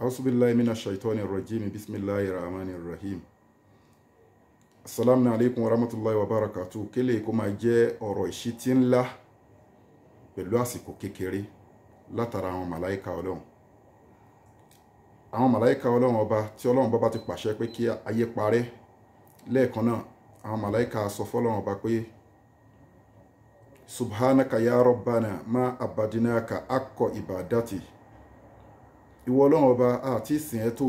auzubillahi mina shaitani rajim bisimilahi rahmani rahim asalaamu alaykum wa rahmatulahi wa barakatu kele kó máa jẹ́ ọ̀rọ̀ ìṣítí ńlá pẹ̀lú àsìkò kékeré látara àwọn màláìka ọlọ́run àwọn màláìka ọlọ́run ọba tí ọlọ́run bàbá ti pàṣẹ pé kí ayé parẹ́ lẹ́ẹ̀kan náà àwọn màláìka sọ fọ́lọ́run ọba pé subhanaka ya rabbana ma abadinaka akọ ibadati ìwọ ọlọ́run ọba àti ìsìn ẹ̀ tó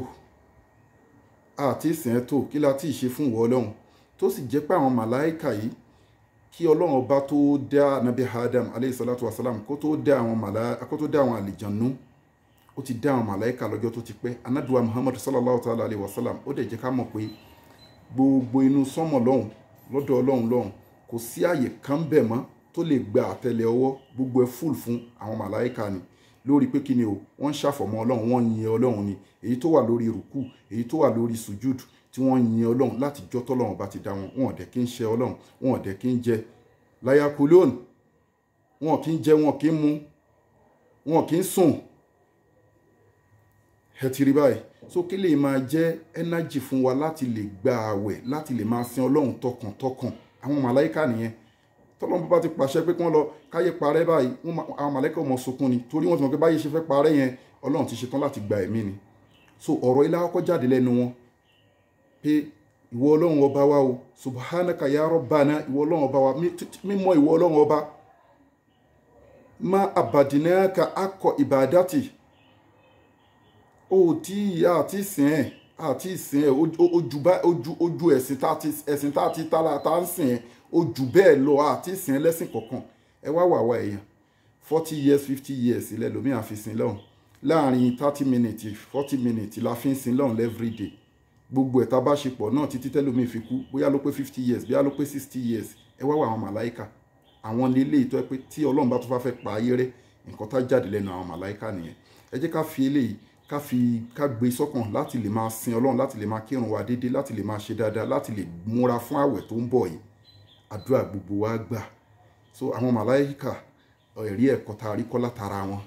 àti ìsìn ẹ̀ tó kí la ti ṣe fún ìwọ ọlọ́run tó sì jẹ́ pé àwọn màláìkà yìí kí ọlọ́run ọba tó dá nabi adam aleyhi salatu wa salam kó tó dá àwọn màláìkà kó tó dá àwọn àlìjànú ó ti dá àwọn màláìkà lọ́jọ́ tó ti pẹ́ anaduwa muhammadu sallallahu ta'ala alayhi wa salam ó dẹ̀ jẹ́ ká mọ̀ pé gbogbo inú sánmọ̀ lọ́hùn lọ́dọ̀ ọlọ́run lọ́hùn kò sí àyè kan bẹ̀ mọ́ tó lè gba àtẹlẹ ọwọ́ gbogbo ẹ̀ fúl fún àwọn màláìkà ni lórí pé kí ni o wọ́n ń ṣàfọ̀mọ́ ọlọ́run wọ́n yin ọlọ́run ni èyí tó wà lórí rùkú èyí tó wà lórí sujud tí wọ́n yin ọlọ́run láti jọ́ tọ́lọ́run bá ti dá wọn wọn ò dẹ̀ kí ń ṣe ọlọ́run wọn ò dẹ̀ kí ń jẹ layakulon wọn kì í jẹ wọn kì í mu wọn kì í sùn ẹ ti rí báyìí so kí lè máa jẹ́ ẹnájì fún wa láti lè gba àwẹ̀ láti lè máa sin ọlọ́run tọkàntọkàn àwọn màláìka nìyẹn tọ́lọ́mù bá ti pàṣẹ pé kí wọ́n lọ káyé parẹ́ báyìí àwọn màlẹ́kà ọmọ sunkún ni torí wọ́n ti mọ̀ pé báyé ṣe fẹ́ parẹ́ yẹn ọlọ́run ti ṣetán láti gba ẹ̀mí ni so ọ̀rọ̀ ilé akọ́kọ́ jáde lẹ́nu wọn pé ìwọ ọlọ́run ọba wa o subhanaka ya rabbana ìwọ ọlọ́run ọba wa mímọ́ ìwọ ọlọ́run ọba má àbàdìnnáka akọ ìbàdàtì o tí ìyá àti ìsìn ẹ̀ àti ìsìn ẹ̀ ojú ẹ̀sìn tá a ti tá a ń sìn ẹ̀ ó jù bẹ́ẹ̀ lọ àti ìsìn ẹlẹ́sìn kọ̀ọ̀kan ẹ wá wà wá èèyàn forty years fifty years ilẹ̀ lómi àfisìn lọ́hùn láàrin thirty minutes forty minutes la fi ń sin lọ́hùn every day gbogbo ẹ̀ta bá ṣe pọ̀ náà títí tẹ́lómi fi kú bóyá ló pé fifty years bóyá ló pé sixty years ẹ wá wà àwọn màláìka àwọn nílé ìtọ́ ẹ pé tí ọlọ́run bá tó fà fẹ́ pa ayé rẹ nǹkan tá jáde lẹ́nu àwọn màláìka nìyẹn ẹ jẹ́ ká fi eléyìí ká fi ká gbé sọ́kàn láti lè máa sin ọlọ́run láti lè máa kírun wa déédéé láti lè máa ṣe dáadáa láti lè múra fún àwẹ̀ tó ń bọ̀ yìí àdúrà gbogbo wa gbà so àwọn màláìkà ẹ̀rí ẹ̀kọ́ tá a rí kọ́ látara wọn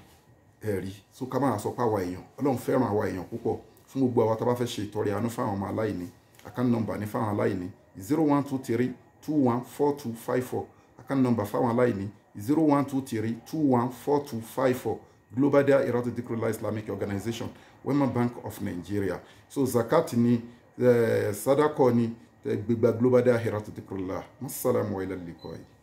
ẹ̀rí so ká máa sọ pé àwa èèyàn ọlọ́run fẹ́ràn àwa èèyàn púpọ̀ fún gbogbo àwa tá a bá fẹ́ ṣe ìtọrẹ àánú fáwọn ọmọ aláìní àkáǹtì nọmbà ní fáwọn aláìní zero one two three two one four two five four àkáǹtì nọmbà fáwọn aláìní zero one two three two one four two five four Global Dahiratu Dhikrlahi Islamic Organization Wema Bank of Nigeria so zakat ni eh, sadako ni gbégbá global dahiratu dhikrullah mọ́sálàmù wa ilal liqa'i.